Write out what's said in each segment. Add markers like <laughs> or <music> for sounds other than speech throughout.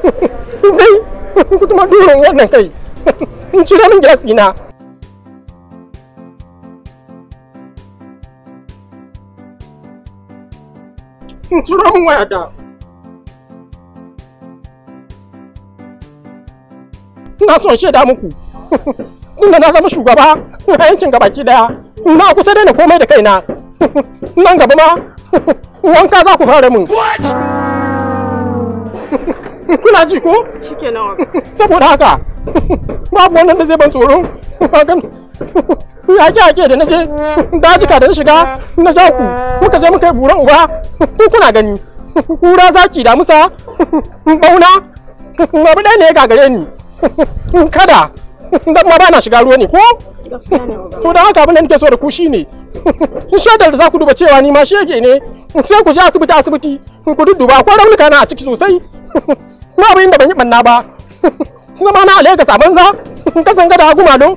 Kai, ku kuma durin wannan kai. In cire min gas ɗina. In ciro min wayata. Ina son shaida muku. Inda na zama shugaba na yankin gabaki daya. Na kusa daina komai da kaina. Nan gaba ma wanka za ku fara mun. kuna ji ko shikenan <laughs> saboda haka babu wannan da zai ban tsoro yaƙe ake da naje dajika da na shiga na sha ku muka je muka yi buran uba ku kuna gani kura zaki da musa bauna abu ɗaya ne ya gagare ni kada dan ma bana shiga ruwa ne ko to da haka abin da nake so da ku shine shaidar da za ku duba cewa ni ma shege ne sai ku je asibiti asibiti ku dudduba akwai raunuka na a ciki sosai na abin da ban yi banna ba <laughs> zama na alaika sabon za ka san gada guma don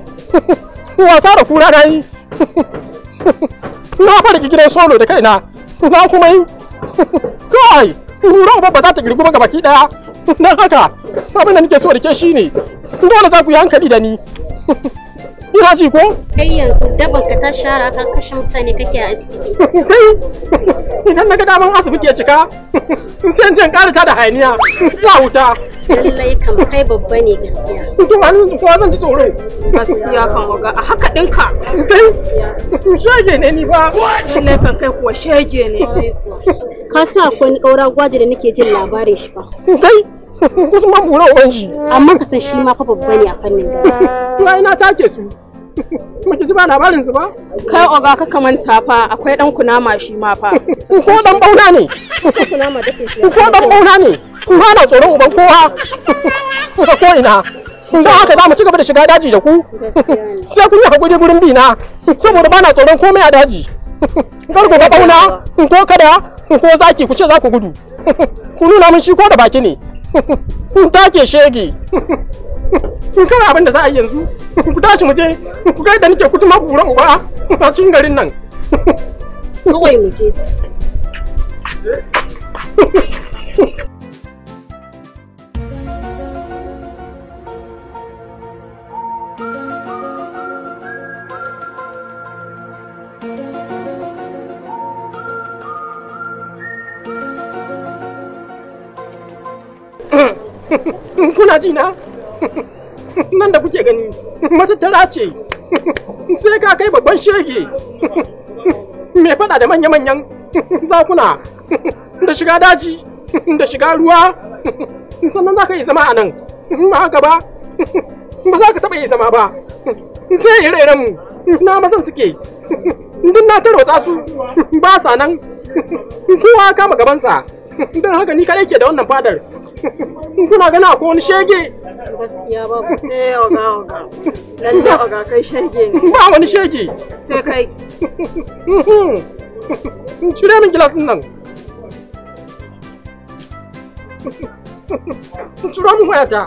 <laughs> wasa da kura na yi <laughs> na fara gidan solo da kaina na kuma yi kai ruran ba za ta girguma ga baki daya dan haka abin da nake so da ke shine dole za ku yi hankali da ni saci ko? Kai yanzu daban ka ta shara kan kashe mutane kake a asibiti. Kai idan na ga daman asibiti ya cika sai kare ta da hayaniya sa wuta. Lallai kam kai babba ne gaskiya. To an ko zan ji tsoro. Gaskiya kan waga a haka dinka. Kai shege ne ni ba. Lallai kan kai kuwa shege ne. Ka sa akwai ni ƙaura gwaji da nake jin labarin shi ba. Kai kusan ma bura uban shi amma ka san shi ma fa babba ne a fannin gaba to ina take su Mace ji ba labarin su ba? Kai oga ka kamanta fa akwai dan kunama shi ma fa. Ko dan bauna ne? Kunama dake shi. Ko dan bauna ne? Ba na tsoron uban kowa. Kuka ko ina. Don haka za mu ci gaba da shiga daji da ku. Sai kun yi hakuri gurin bi na. Saboda ba na tsoron komai a daji. Kar ku ga bauna, ko kada, ko zaki ku ce za ku gudu. Ku nuna min shi ko da baki ne. Kun take shege. in kana abin da za a yi yanzu ku tashi mu je ku ga da nake kutuma buran uba a cikin garin nan kawai mu je kuna ji na nan da kuke gani matattara ce sai ka kai babban shege me fada da manya-manyan zakuna da shiga daji da shiga ruwa sannan za ka yi zama a nan ba haka ba ba za ka taɓa yi zama ba sai ire mu na mazan suke duk na taro su ba sa nan kowa kama gabansa don haka ni kaɗai ke da wannan fadar kina gana ko wani shege gaskiya ba ku eh oga oga lalle oga kai shege ne ba wani shege sai kai in hmm. cire min gilasin nan in cire min wayata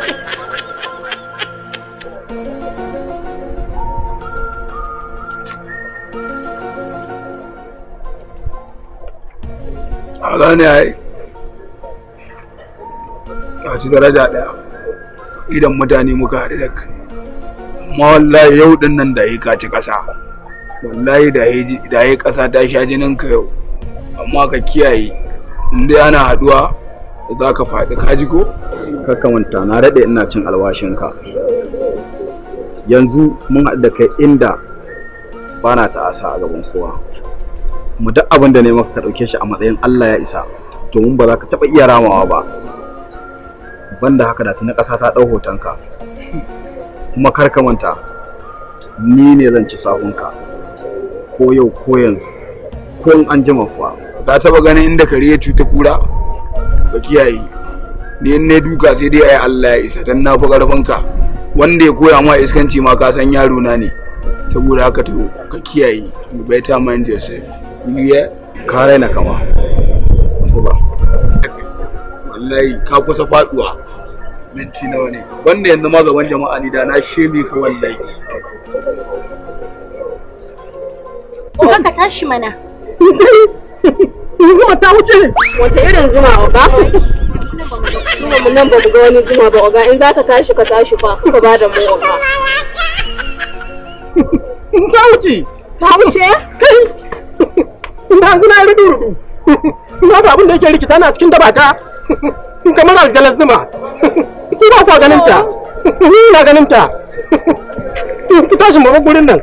a ya ai a ci daraja ɗaya idan mutane muka haɗu da kai amma wallahi yau ɗin nan da yi ƙasa wallahi da ƙasa ta sha jinin ka yau amma ka kiyaye inda ana haɗuwa za ka faɗi ka ji ko ka manta na daɗe ina cin alwashinka yanzu mun haɗu da kai inda ba na ta'asa a gaban kowa kuma duk abin da ne maka ka ɗauke shi a matsayin Allah ya isa domin ba za ka taɓa iya ramawa ba banda haka da tuni ƙasa ta ɗau hotonka kuma kar ka manta ni ne zan ci sahunka ko yau ko yanzu ko an jima ka taɓa ganin inda kare ya cuta kura ba kiyaye ni ne duka sai dai ayi Allah ya isa dan na fi ƙarfinka wanda ya koya ma iskanci ma ka san yaro na ne saboda haka to ka kiyaye mu better mind yourself kuliya ka raina kama ba wallahi ka kusa faduwa minti nawa ne wanda yanzu ma gaban jama'a ni da na sheme ka wallahi Kuma ka tashi mana. Zuma ta wuce. Wata irin zuma oga? Zuma mu nan ba mu ga wani zuma ba oga in za ka tashi ka tashi fa ka ba da mu oga. Ta wuce. Ta wuce? ina suna rudu rudu ina ba abin da yake rikita na cikin dabata kamar aljalar zuma ki ba sa ganin ta ni ganin ta ki tashi mu gurin nan